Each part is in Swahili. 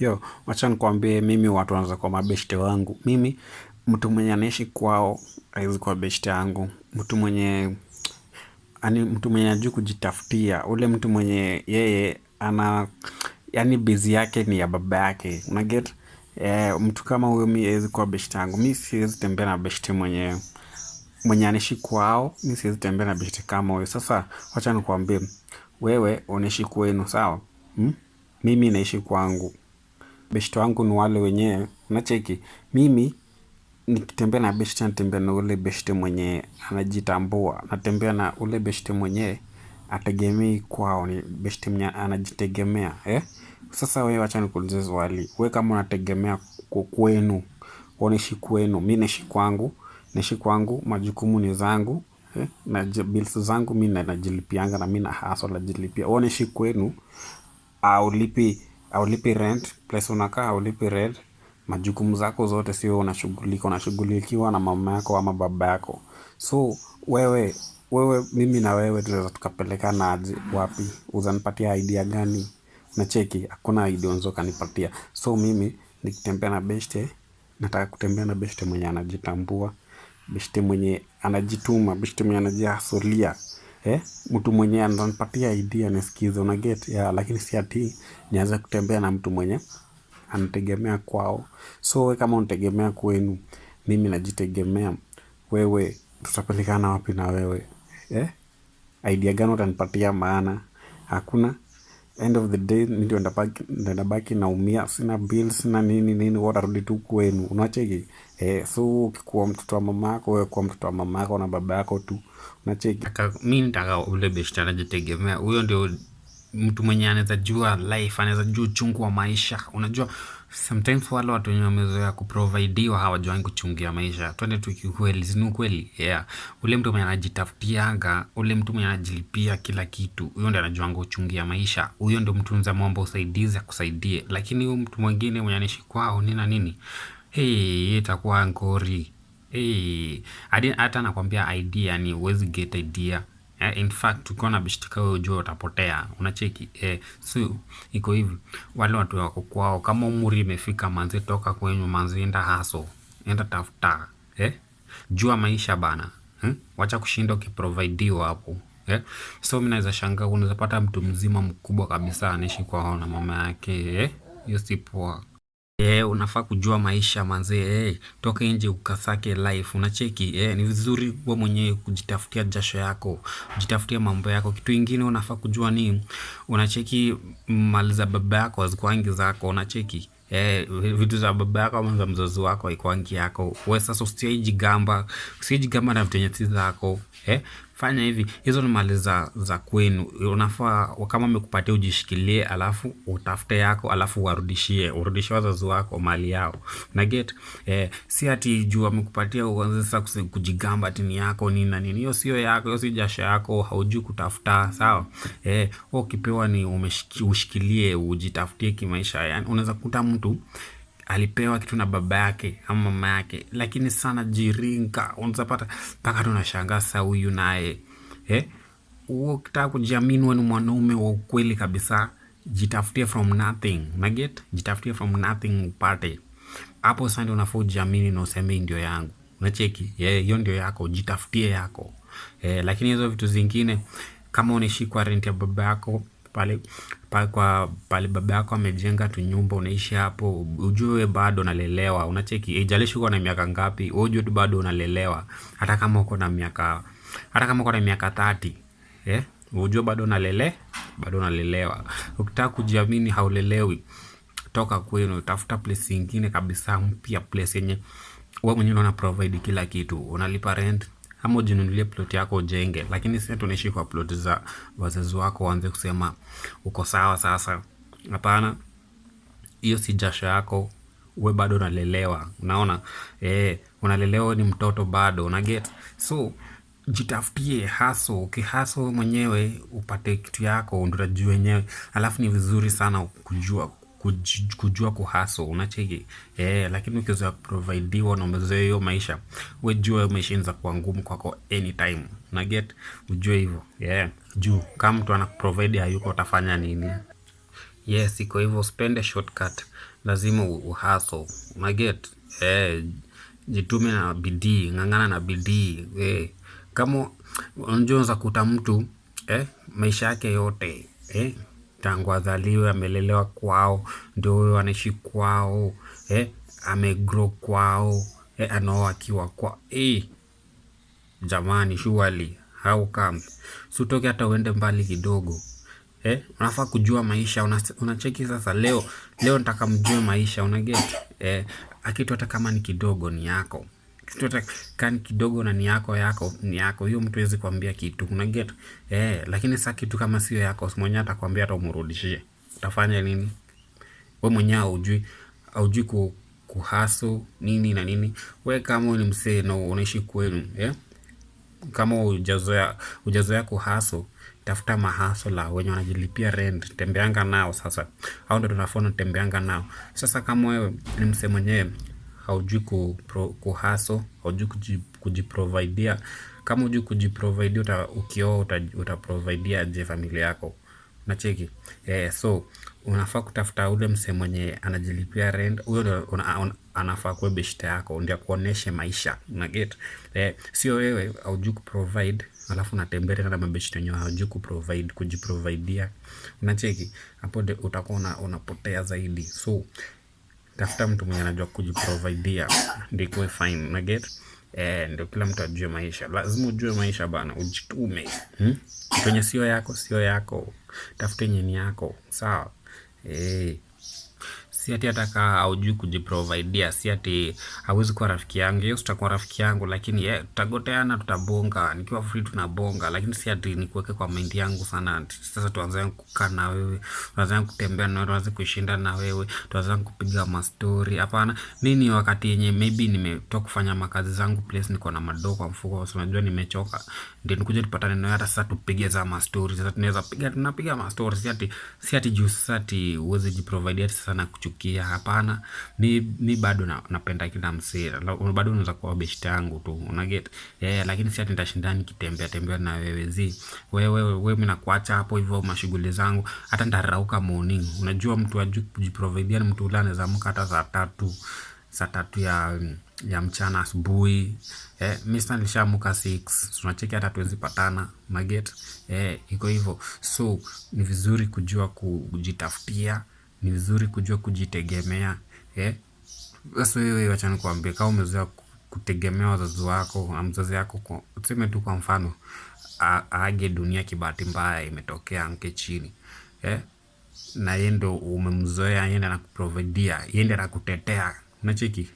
Yo, wacha nikwambie, mimi watu wanaweza kuwa mabeshte wangu. Mimi mtu mwenye anaishi kwao hawezi kuwa beshte yangu. Mtu mwenye ani, mtu mwenye anajua kujitafutia, ule mtu mwenye yeye ana yani bezi yake ni ya baba yake, unaget eh, mtu kama huyo mi hawezi kuwa beshte yangu. Mi siwezi tembea na beshte mwenye mwenye anaishi kwao, mi siwezi tembea na beshte kama huyo. Sasa wacha nikwambie, wewe unaishi kwenu sawa, hmm? Mimi naishi kwangu beshte wangu ni wale wenyewe, unacheki mimi nikitembea na best natembea na ule best mwenye anajitambua, natembea na ule best mwenye ategemei kwao, ni best mwenye anajitegemea eh? Sasa wewe, acha nikuulize swali, wewe kama unategemea kwenu, unaishi kwenu, mi naishi kwangu, naishi kwangu, majukumu ni zangu eh? na bills zangu mi najilipianga na mi na hasa najilipia, unaishi kwenu aulipi haulipi rent, place unakaa haulipi rent, majukumu zako zote sio unashughulika, unashughulikiwa na mama yako ama baba yako. So wewe wewe, mimi na wewe tunaweza tukapelekana aje? Wapi? Uzanipatia idea gani? na cheki, hakuna idea unaweza ukanipatia. So mimi nikitembea na beshte, nataka kutembea na beshte mwenye anajitambua, beshte mwenye anajituma, beshte mwenye anajiasolia eh, mtu mwenye ananipatia idea nisikize, una get yeah, lakini si ati nianze kutembea na mtu mwenye anategemea kwao. So we kama unategemea kwenu, mimi najitegemea, wewe tutapelekana wapi na wewe eh? Idea gani utanipatia? Maana hakuna end of the day ndio ndabaki, ndabaki naumia, sina bills sina nini nini, watarudi tu kwenu, unacheki Eh, so ukikuwa mtoto wa mama yako, wewe kuwa mtoto wa mama yako na baba yako tu, unacheki. Mi nitaka ule beshte anajitegemea. Huyo ndio mtu mwenye anaweza jua life, anaweza jua uchungu wa maisha. Unajua, sometimes wale watu wenye wamezoea kuprovidiwa hawajawai kuchungia maisha. Twende tu kiukweli, zini ukweli? Yeah, ule mtu mwenye anajitafutiaga, ule mtu mwenye anajilipia kila kitu, huyo ndio anajuanga uchungia maisha. Huyo ndio mtu nza mwamba usaidizi akusaidie, lakini huyu mtu mwingine mwenye anaishi kwao nina nini hey, itakuwa ngori. hey. hata nakwambia idea ni uwezi get idea. Eh, in fact, ukiwa na bishtika wewe ujue utapotea. Unacheki. Eh, so, iko hivi. Wale watu wako kwao. Kama umri imefika manzi toka kwenyu manzi enda haso. Enda tafuta. Eh, jua maisha bana. Hmm? Wacha kushinda ukiprovidiwa hapo. So, mimi naweza shangaa unaweza pata mtu mzima mkubwa kabisa anaishi kwao na mama yake. Hiyo si poa. Eee, eh, unafaa kujua maisha manzee, eh, toka nje ukasake life, unacheki, eee, eh, ni vizuri wewe mwenyewe kujitafutia jasho yako, kujitafutia mambo yako, kitu kingine unafaa kujua ni, unacheki mali za baba yako azikwangi zako, unacheki, eee, vitu za baba yako ama za mzazi wako ikwangi yako, we sasa usiwahi gamba usiwahi na vitu yenye si zako, fanya hivi, hizo ni mali za, za kwenu. Unafaa kama umekupatia ujishikilie, alafu utafute yako, alafu warudishie, urudishie wazazi wako mali yao na get eh, si ati juu amekupatia uanze sasa kujigamba ati ni yako nini na nini. Hiyo sio yako, hiyo si jasho yako, haujui kutafuta sawa. Eh, ukipewa ni umeshikilie, ujitafutie kimaisha. Yani unaweza kukuta mtu alipewa kitu na baba yake ama mama yake, lakini sana jiringa, unzapata mpaka tunashangaa sasa huyu naye eh, huo kitaka kujiamini wewe ni mwanaume wa ukweli kabisa, jitafutie from nothing, unaget, jitafutie from nothing upate hapo. Sasa ndio unafaa ujiamini na useme ndio yangu, unacheki eh, hiyo ndio yako, jitafutie yako eh, lakini hizo vitu zingine kama unaishi kwa rent ya baba yako pale kwa pale baba yako amejenga tu nyumba unaishi hapo, ujue bado unalelewa. Unacheki, haijalishi uko na miaka ngapi, wewe ujue tu bado unalelewa. Hata kama uko na miaka hata kama uko na miaka 30, eh, ujue bado unalele bado unalelewa. Ukitaka kujiamini haulelewi. Toka kwenu, tafuta place nyingine kabisa mpya, place yenye wewe mwenyewe unaona provide kila kitu, unalipa rent ama ujinunulie plot yako ujenge, lakini sisi tunaishi kwa plot za wazazi wako, waanze kusema uko sawa sasa. Hapana, hiyo si jasho yako, we bado unalelewa. Unaona eh, unalelewa ni mtoto bado, una get so Jitafutie haso, ukihaso mwenyewe upate kitu yako, ndio unajua wenyewe. Alafu ni vizuri sana kujua kujua kuhaso unacheki eh, lakini ukizoea kuprovidiwa na umezoea hiyo maisha, we jua maisha inaweza kuwa ngumu kwako anytime, na get ujue hivyo yeah. Juu kama mtu anakuprovide hayuko utafanya nini? Yes, iko hivyo, spend a shortcut, lazima uhaso na get eh, jitume na bidii, ng'ang'ana na bidii eh. Kama unajua unaweza kuta mtu eh, maisha yake yote eh tangu azaliwe, amelelewa kwao, ndio huyo anaishi kwao eh, amegrow kwao eh, anaoa akiwa kwa eh, jamani, surely how come? Si utoke hata uende mbali kidogo eh, unafaa kujua maisha. Unacheki una sasa, leo leo nataka maisha, una get eh, akitu hata kama ni kidogo ni yako kani kidogo na ni yako yako ni yako hiyo, mtu hawezi kuambia kitu get eh. Lakini sasa kitu kama sio yako, si mwenyewe atakwambia, hata umrudishie, utafanya nini? Wewe mwenyewe haujui, haujui ku kuhasu nini na nini. Wewe kama ni msee na unaishi kwenu eh, kama ujazoea ujazoea kuhaso tafuta mahaso la wenye wanajilipia rent, tembeanga nao sasa. au ndio tunafona, tembeanga nao sasa. Kama wewe ni msee mwenyewe haujui ku, kuhaso, haujui kujiprovidea Kama hujui uta, ukioa utaprovidia je familia yako. Unacheki? Eh, so, unafaa kutafuta ule msee mwenye anajilipia rent. Huyo anafaa akuwe beshte yako. Ndio akuoneshe maisha. eh, Sio wewe haujui kuprovide alafu unatembea tena na mabeshte wenye hawajui kuprovide, kujiprovidea Unacheki? Hapo utakuwa unapotea zaidi. So, tafuta mtu mwenye anajua kujiprovidea ndio fine na get eh, ndio kila mtu ajue maisha. Lazima ujue maisha bana, ujitume hmm? Kwenye sio yako sio yako, tafute ni yako sawa, eh si ati ataka aujui kujiprovidea, si ati hawezi kuwa rafiki yangu. Yes, tutakuwa rafiki yangu, lakini yeah, tutagoteana, tutabonga. Nikiwa free tunabonga, lakini si ati nikuweke kwa mind yangu sana. Sasa tuanze kukaa na wewe, tuanze kutembea na wewe, tuanze kushinda na wewe, tuanze kupiga mastori. Hapana, nini wakati yenye maybe nimetoka kufanya makazi zangu place, niko na madogo kwa mfuko, kwa sababu najua nimechoka, ndio nikuje tupatane na wewe, hata sasa, tupige za mastori. Sasa tunaweza piga, tunapiga mastori, si ati si ati juu sasa ati uweze jiprovidea sana kuchu kumchukia, hapana. Mi, mi bado na, napenda kila msee, bado unaweza kuwa beshte yangu tu, una get yeah, lakini si ati nitashindana nikitembea tembea na wewe zi wewe wewe, mimi nakuacha hapo hivyo mashughuli zangu, hata ndarauka morning. Unajua mtu ajui kujiprovidia ni mtu ule anaweza amka hata saa tatu saa tatu ya ya mchana asubuhi eh, mi nilishamuka 6 tunacheki hata tuwezi patana maget eh, iko hivyo, so ni vizuri kujua kujitafutia ni vizuri kujua kujitegemea. eh? Sasa wewe acha nikwambie, kama umezoea kutegemea wazazi wako mzazi yako tuseme tu kwa mfano aage dunia kibahati mbaya imetokea anguke chini eh? na yeye ndo umemzoea yeye ndo anakuprovidia yeye ndo anakutetea unachiki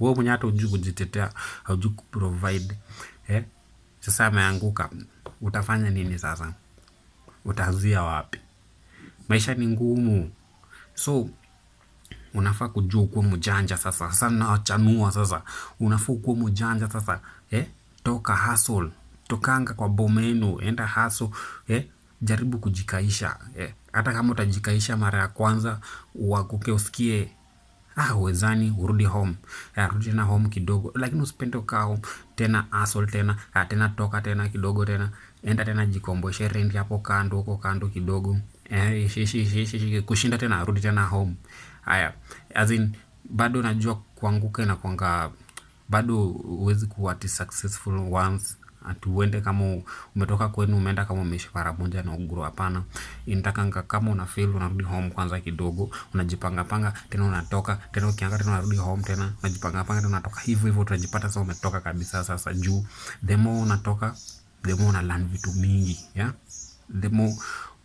wewe mwenye hata hujui kujitetea haujui kuprovide eh? sasa ameanguka utafanya nini sasa utaanzia wapi maisha ni ngumu. So unafaa kujua ukuwe mjanja sasa. Sasa nawachanua sasa, unafaa ukuwe mjanja sasa eh? Toka hustle, tokanga kwa bomenu, enda hustle eh? Jaribu kujikaisha eh? Hata kama utajikaisha mara ya kwanza uanguke, usikie ah, uwezani, urudi home, ah, rudi tena home kidogo, lakini usipende ukaa home tena, asol tena ah, tena, toka tena kidogo tena, enda tena jikomboshe rendi hapo kando, huko kando kidogo, eh, kushinda tena, rudi tena home. Haya, as in bado najua kuanguka inakwanga, bado huwezi kuwa successful once Atuende kama umetoka kwenu umeenda kama umeishi Paramonja na Uguru hapana. Inatakanga kama una feel unarudi home kwanza kidogo, unajipanga panga tena unatoka tena, ukianga tena unarudi home tena unajipanga panga tena unatoka, hivyo hivyo utajipata sasa umetoka kabisa. Sasa juu the more unatoka the more una learn vitu mingi ya yeah? the more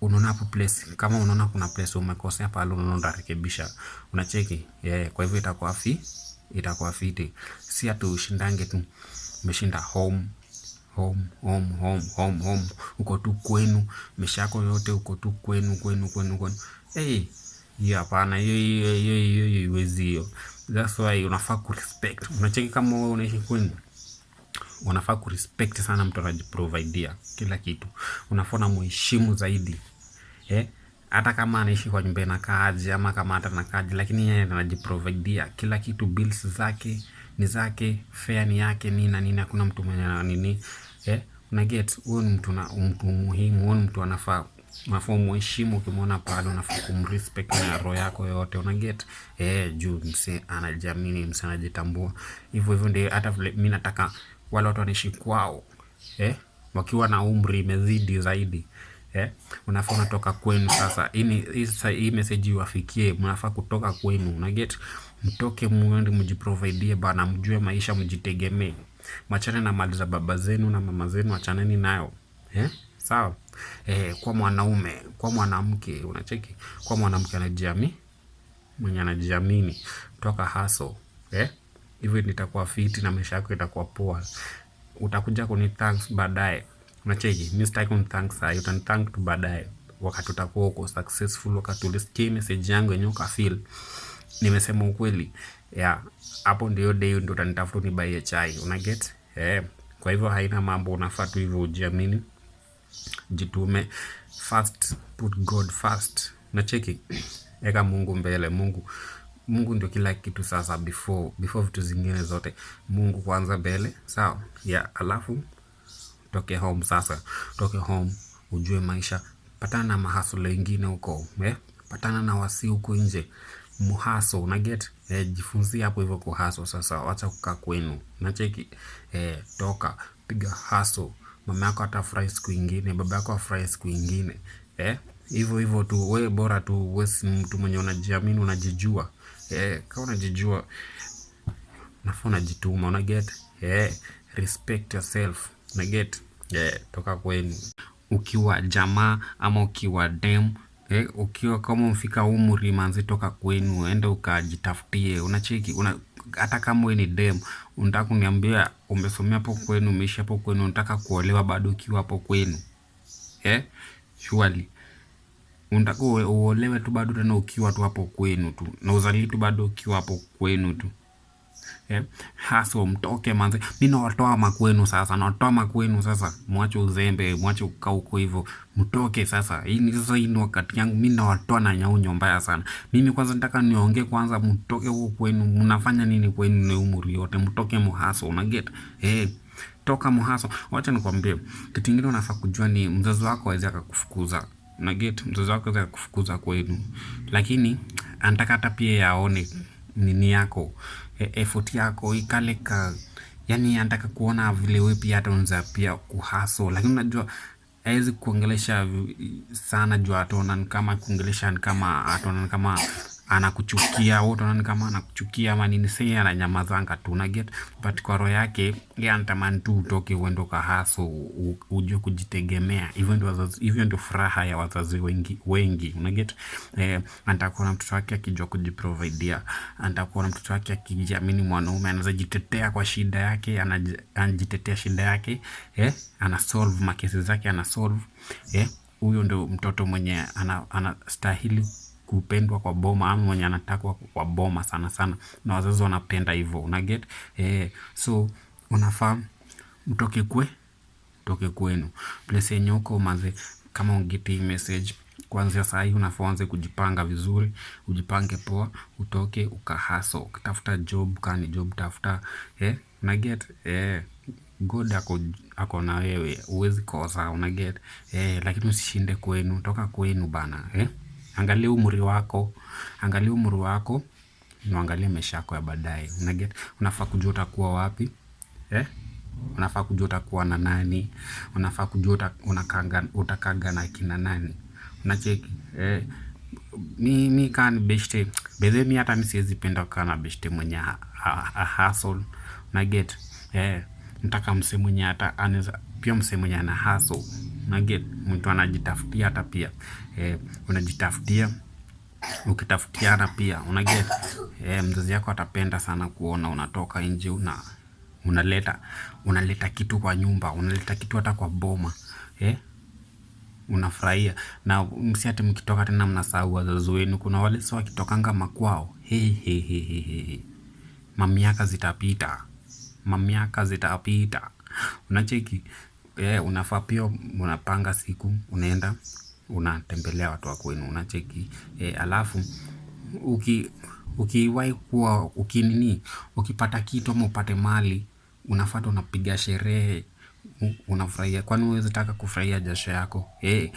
unaona hapo place, kama unaona kuna place umekosea pale, unaona utarekebisha, unacheki yeah. Kwa hivyo itakuwa fi itakuwa fiti, si atushindange tu umeshinda home home home home home home, uko tu kwenu, mishako yote uko tu kwenu kwenu kwenu kwenu. Hey, hiyo hapana, hiyo hiyo hiyo hiyo hiyo iwezi hiyo. That's why unafaa ku respect. Unacheki kama wewe unaishi kwenu, unafaa ku respect sana, mtu anajiprovidea kila kitu, unafaa na muheshimu zaidi eh hata kama anaishi kwa nyumba na inakaaje, ama kama hata na nakaaje, lakini yeye anajiprovidea kila kitu, bills zake ni zake, fare ni yake nini na nini, hakuna mtu mwenye na nini eh, una get huyo ni mtu na mtu muhimu, huyo mtu anafaa unafaa umheshimu, ukimwona pale unafaa kumrespect na roho yako yote, una get eh, juu mse anajiamini, mse anajitambua. Hivyo hivyo ndio hata vile mimi nataka wale watu wanaishi kwao eh, wakiwa na umri imezidi zaidi eh, unafaa unatoka kwenu sasa. Hii message iwafikie, mnafaa kutoka kwenu, una get, mtoke muende mjiprovidie bana, mjue maisha, mjitegemee, machane na mali za baba zenu na mama zenu, achaneni nayo eh? Sawa eh, kwa mwanaume, kwa mwanamke, unacheki, kwa mwanamke anajiamini, mwenye anajiamini, toka haso eh, hivyo nitakuwa fiti na maisha yako itakuwa poa. Utakuja kuni thanks baadaye. Unacheki, mi sitaki unithank sahi, utanithank tu baadaye wakati utakuwa uko successful, wakati ulisikia message yangu yenyewe ukafil nimesema ukweli yeah. Hapo ndio dei ndio utanitafuta unibaie chai, una get eh? Kwa hivyo haina mambo, unafaa tu hivyo ujiamini, jitume first, put God first. unacheki eka Mungu mbele. Mungu Mungu ndio kila kitu sasa, before before vitu zingine zote, Mungu kwanza mbele, sawa yeah, alafu toke home sasa, toke home ujue maisha, patana na mahasula wengine huko eh? Patana na wasi huko nje muhaso una get eh, jifunzie hapo hivyo kuhaso sasa, wacha kukaa kwenu nacheki eh, toka piga haso. Mama yako atafurahi siku ingine, baba yako afurahi siku ingine eh? Hivyo hivyo tu, we bora tu, we si mtu mwenye unajiamini, unajijua eh, kama unajijua nafaa unajituma, una get eh, respect yourself. Naget yeah, toka kwenu ukiwa jamaa ama ukiwa dem eh, ukiwa kama umfika umri manzi, toka kwenu uende ukajitafutie. Unacheki una, hata kama wewe ni dem unataka kuniambia umesomea hapo kwenu, umeishi hapo kwenu, unataka kuolewa bado ukiwa hapo kwenu eh, surely unataka uolewe tu bado tena ukiwa tu hapo kwenu tu na uzalii tu bado ukiwa hapo kwenu tu eh, haso mtoke manze, mimi nawatoa makwenu sasa, nawatoa makwenu sasa, mwache uzembe, mwache ukaa huko hivyo, mtoke sasa. Hii ni sasa, hii ni wakati yangu mimi, nawatoa na nyaunyo mbaya sana. Mimi kwanza nataka niongee kwanza, mtoke huko kwenu, mnafanya nini kwenu na umri yote? Mtoke muhaso, unaget eh toka muhaso. Wacha nikwambie kitu kingine, unafaa kujua ni mzazi wako aweze akakufukuza na get mzazi wako aweza kufukuza kwenu, lakini anataka hata pia yaone nini yako E, effort yako ikale ka yani, anataka kuona vile wewe pia hata pia kuhaso, lakini unajua hawezi kuongelesha sana juu atona kama kuongelesha kama atona kama anakuchukia wote wanaona kama anakuchukia ama nini, sei ananyamazanga tu na get, but kwa roho yake yeye anatamani tu utoke uende haso ujue kujitegemea. Hivyo ndio wazazi, hivyo ndio furaha ya wazazi wengi wengi, una get eh, anataka na mtoto wake akijua kujiprovidea, anataka na mtoto wake akijiamini, mwanaume anaweza jitetea kwa shida yake, anajitetea shida yake eh, ana solve makesi zake, ana solve eh, huyo ndio mtoto mwenye anastahili ana kupendwa kwa boma ama mwenye anatakwa kwa boma sana sana na wazazi wanapenda hivyo una get eh, so unafaa mtoke kwe mtoke kwenu place yenye uko manze kama ungeti message Kwanzia saa hii unafaa uanze kujipanga vizuri, ujipange poa, utoke ukahaso, tafuta job kani job tafuta, eh, una get eh, God ako, ako na wewe, uwezi kosa, una get eh, lakini usishinde kwenu, toka kwenu bana, eh. Angalia umri wako, angalia umri wako, na uangalie maisha yako ya baadaye. Unaget, unafaa kujua utakuwa wapi? Eh? Unafaa kujua utakuwa na nani? Unafaa kujua unakanga utakaaga na kina nani? Unacheki? Eh, mi mi kaa ni beshte. Bedhe mi hata mi siwezi penda kukaa na beshte mwenye a, a, a hustle. Unaget? Eh nataka mse mwenye hata anaweza pia, mse mwenye ana hustle na get mtu anajitafutia hata pia eh, unajitafutia ukitafutiana pia una get eh, mzazi yako atapenda sana kuona unatoka nje una unaleta unaleta kitu kwa nyumba, unaleta kitu hata kwa boma eh, unafurahia na msiati. Mkitoka tena mnasahau wazazi wenu. Kuna wale sio wakitokanga makwao, he he he he, mamiaka zitapita mamiaka zitapita. Unacheki, eh, unafaa pia unapanga siku, unaenda, unatembelea watu wa kwenu, unacheki. Eh, alafu, ukiwahi kuwa, ukinini, ukipata kitu ama upate mali, unafuata unapiga sherehe, unafurahia, kwani huwezi taka kufurahia jasho yako. Eh,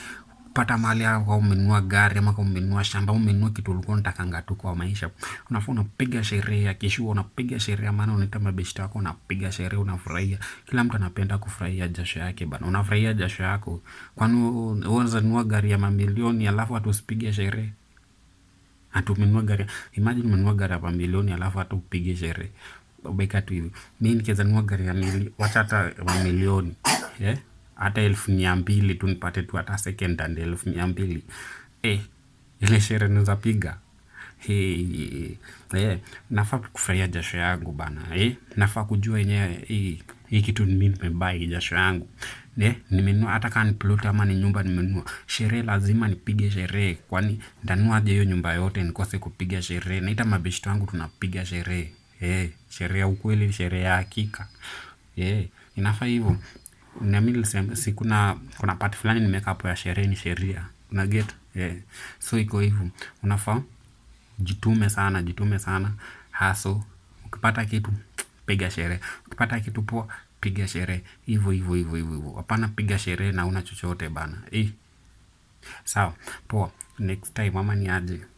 kupata mali au kwa umenua gari ama kwa umenua shamba, au umenua kitu ulikuwa unatakanga tu kwa maisha, unafua unapiga sherehe ya kishua, unapiga sherehe maana unaita mabeshte wako, unapiga sherehe, unafurahia. Kila mtu anapenda kufurahia jasho yake bana, unafurahia jasho yako. Kwani uweza nua gari ya mamilioni alafu hata usipige sherehe? Atumenua gari, imagine umenua gari ya mamilioni alafu hata upige sherehe, Ubeka tu hivi. mimi nikiweza nua gari ya mili, wacha hata mamilioni, eh yeah? hata elfu mia mbili tu nipate tu hata second hand elfu mia mbili eh, ile shere naweza piga hey, hey, eh, hey. nafaa kufurahia jasho yangu bana eh, nafaa kujua yenyewe eh, hii hey, kitu mimi nimebai jasho yangu ne, eh, nimenua hata kama ni plot ama ni nyumba nimenua, sherehe lazima nipige sherehe, kwani ndanuaje hiyo nyumba yote nikose kupiga sherehe? Naita mabeshto wangu tunapiga sherehe eh, sherehe ya ukweli, sherehe ya hakika eh, inafaa hivyo. Nami si kuna kuna fulani nimeeka hapo ya sherehe ni sheria. Unaget? So iko hivo. Unafaa jitume sana, jitume sana. haso Ukipata kitu piga sherehe. Ukipata kitu poa piga sherehe. Hivo hivyo hivyo hivyo Hapana piga sherehe na una chochote bana. Eh. Sawa poa next time ama ni aje.